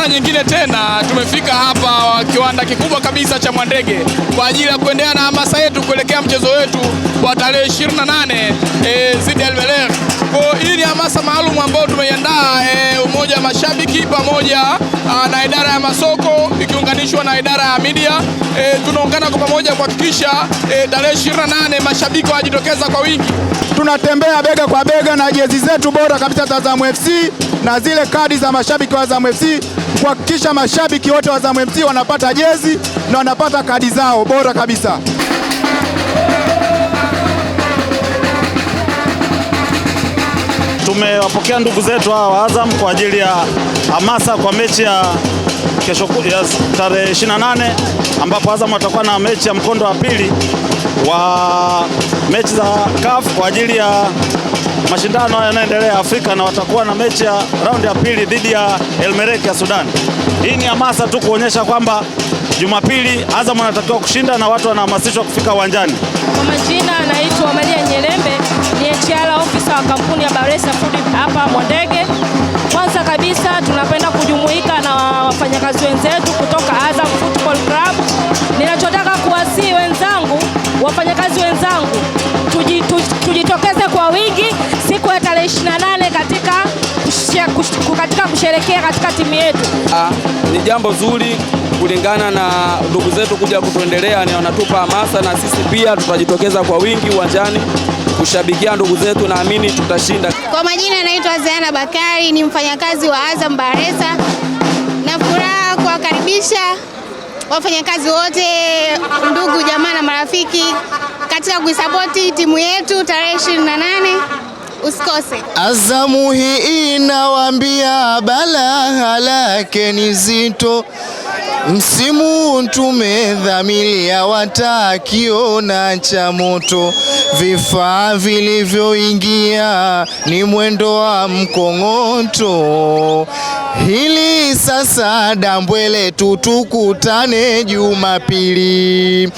mara nyingine tena tumefika hapa kiwanda kikubwa kabisa cha Mwandege kwa ajili ya kuendelea na hamasa yetu kuelekea mchezo wetu wa tarehe 28 e, zidi Al Kwa hii ni hamasa maalum ambayo tumeiandaa e, umoja wa mashabiki pamoja ah, na idara ya masoko ikiunganishwa na idara ya media e, tunaungana kwa pamoja kuhakikisha e, tarehe 28 mashabiki wajitokeza kwa wingi. Tunatembea bega kwa bega na jezi zetu bora kabisa za Azam FC na zile kadi za mashabiki wa Azam FC kuhakikisha mashabiki wote wa Azam FC wanapata jezi na wanapata kadi zao bora kabisa. Tumewapokea ndugu zetu hawa Azam kwa ajili ya hamasa kwa mechi ya kesho ya tarehe 28 ambapo Azam watakuwa na mechi ya mkondo wa pili wa mechi za CAF kwa ajili ya mashindano yanaendelea Afrika na watakuwa na mechi ya raundi ya pili dhidi ya Elmerek ya Sudan. Hii ni hamasa tu kuonyesha kwamba Jumapili Azam anatakiwa kushinda na watu wanahamasishwa kufika uwanjani. Kwa majina anaitwa katika kusherekea katika timu yetu. Ah, ni jambo zuri kulingana na ndugu zetu kuja kutuendelea, ni wanatupa hamasa na sisi pia tutajitokeza kwa wingi uwanjani kushabikia ndugu zetu, naamini tutashinda. Kwa majina naitwa Zana Bakari, ni mfanyakazi wa Azam Baresa, na furaha kuwakaribisha wafanyakazi wote, ndugu jamaa na marafiki katika kuisapoti timu yetu tarehe 28 usikose. Azamu hii inawambia balaa lake ni zito, msimu tumedhamiria watakiona cha moto. Vifaa vilivyoingia ni mwendo wa mkong'oto. Hili sasa dambwele, tutukutane Jumapili.